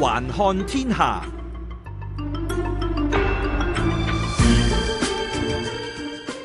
環看天下。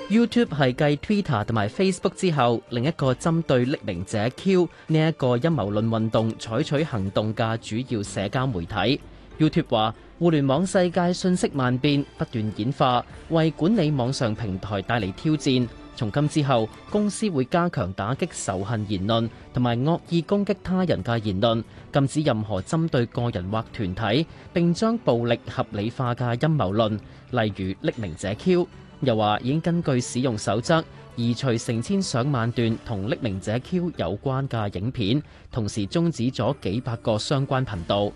YouTube 係繼 Twitter 同埋 Facebook 之後，另一個針對匿名者 Q 呢一個陰謀論運動採取行動嘅主要社交媒體。YouTube 話，互聯網世界信息萬變，不斷演化，為管理網上平台帶嚟挑戰。從今之後，公司會加強打擊仇恨言論同埋惡意攻擊他人嘅言論，禁止任何針對個人或團體並將暴力合理化嘅陰謀論，例如匿名者 Q。又話已經根據使用守則移除成千上萬段同匿名者 Q 有關嘅影片，同時終止咗幾百個相關頻道。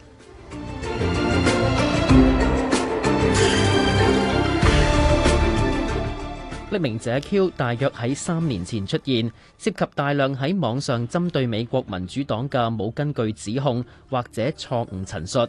匿名者 Q 大約喺三年前出現，涉及大量喺網上針對美國民主黨嘅冇根據指控或者錯誤陳述。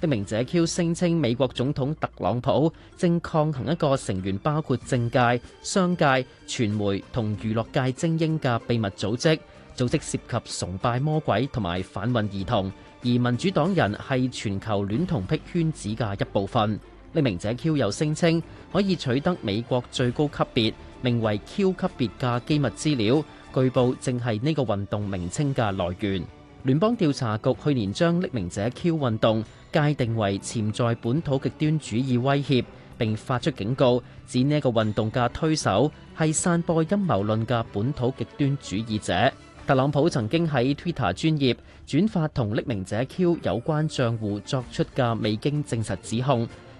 匿名者 Q 聲稱美國總統特朗普正抗衡一個成員包括政界、商界、傳媒同娛樂界精英嘅秘密組織，組織涉及崇拜魔鬼和運同埋販運兒童，而民主黨人係全球戀童癖圈子嘅一部分。匿名者 Q 又聲稱可以取得美國最高級別，名為 Q 級別嘅機密資料，據報正係呢個運動名稱嘅來源。聯邦調查局去年將匿名者 Q 運動界定為潛在本土極端主義威脅，並發出警告，指呢個運動嘅推手係散播陰謀論嘅本土極端主義者。特朗普曾經喺 Twitter 專頁轉發同匿名者 Q 有關賬戶作出嘅未經證實指控。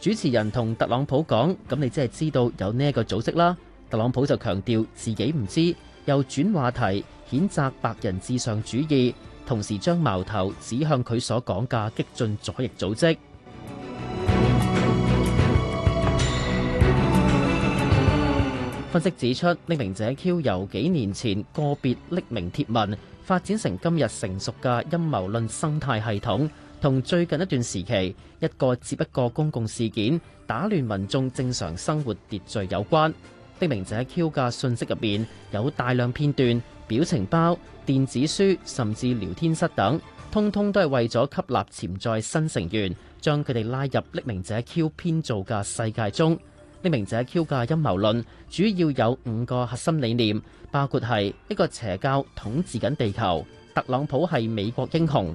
主持人同特朗普講：咁你即係知道有呢一個組織啦。特朗普就強調自己唔知，又轉話題，譴責白人至上主義，同時將矛頭指向佢所講嘅激進左翼組織。分析指出，匿名者 Q 由幾年前個別匿名帖文，發展成今日成熟嘅陰謀論生態系統。同最近一段時期，一個接一個公共事件打亂民眾正常生活秩序有關。匿名者 Q 嘅訊息入面有大量片段、表情包、電子書，甚至聊天室等，通通都係為咗吸納潛在新成員，將佢哋拉入匿名者 Q 編造嘅世界中。匿名者 Q 嘅陰謀論主要有五個核心理念，包括係一個邪教統治緊地球，特朗普係美國英雄。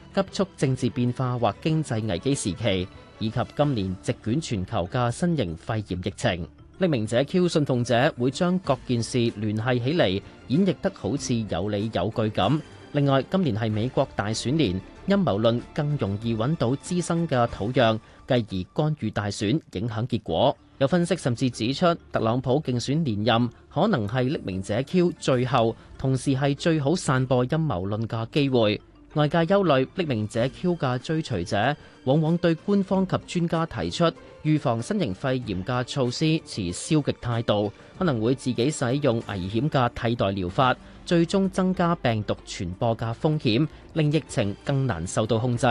急速政治變化或經濟危機時期，以及今年席捲全球嘅新型肺炎疫情，匿名者 Q 信奉者會將各件事聯繫起嚟，演繹得好似有理有據咁。另外，今年係美國大選年，陰謀論更容易揾到滋生嘅土壤，繼而干預大選影響結果。有分析甚至指出，特朗普競選連任可能係匿名者 Q 最後，同時係最好散播陰謀論嘅機會。外界憂慮匿名者 Q 嘅追隨者往往對官方及專家提出預防新型肺炎嘅措施持消極態度，可能會自己使用危險嘅替代療法，最終增加病毒傳播嘅風險，令疫情更難受到控制。